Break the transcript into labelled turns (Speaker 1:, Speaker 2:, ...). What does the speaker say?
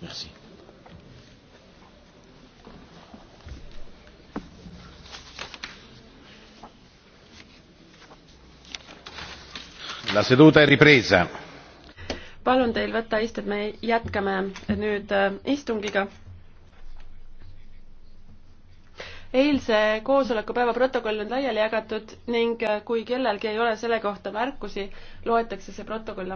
Speaker 1: Merci.
Speaker 2: La seduta è ripresa.
Speaker 3: palun teil võtta istud, me jätkame nüüd äh, istungiga. eilse koosoleku päeva protokoll on laiali jagatud ning äh, kui kellelgi ei ole
Speaker 4: selle kohta märkusi, loetakse see protokoll